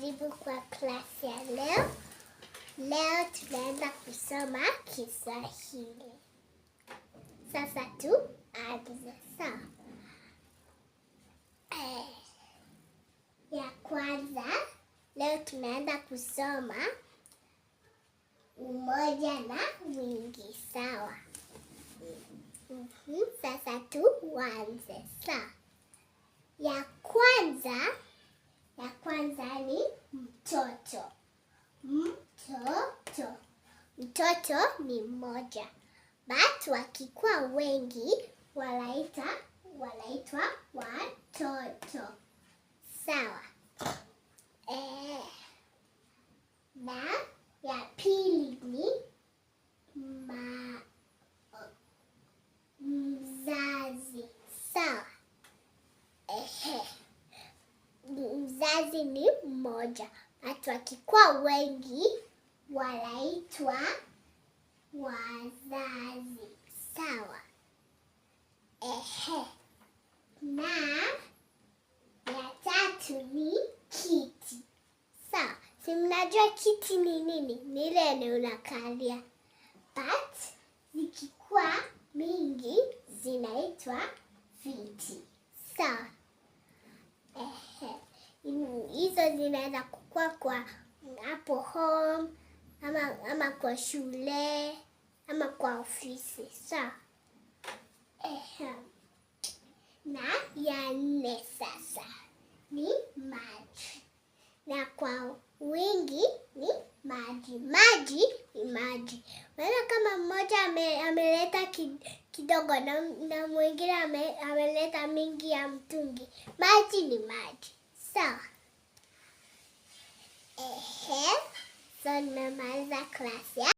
Karibu kwa klasi ya leo. Leo tunaenda kusoma Kiswahili. Sasa tu anze. Sawa. Eh, ya kwanza leo tunaenda kusoma umoja na wingi. Sawa. Mm-hmm. Sasa tu wanze Sawa. mtoto. Mtoto. Mtoto ni mmoja. bat wakikuwa wengi walaita walaitwa watoto. Sawa. Eh. Na ya pili ni ma mzazi. Sawa. Ehe. Mzazi ni mmoja. Watu wakikuwa wengi wanaitwa wazazi, sawa? Ehe. Na ya tatu ni kiti, sawa? Si mnajua kiti ni nini? Ni ile eneo unakalia, but zikikuwa mingi zinaitwa viti. hizo zinaweza kukua kwa hapo home ama, ama kwa shule ama kwa ofisi sawa. Na ya nne sasa ni maji, na kwa wingi ni maji. Maji ni maji, maana kama mmoja ame, ameleta kidogo na, na mwingine ame, ameleta mingi ya mtungi, maji ni maji sawa. memorize that class, yeah?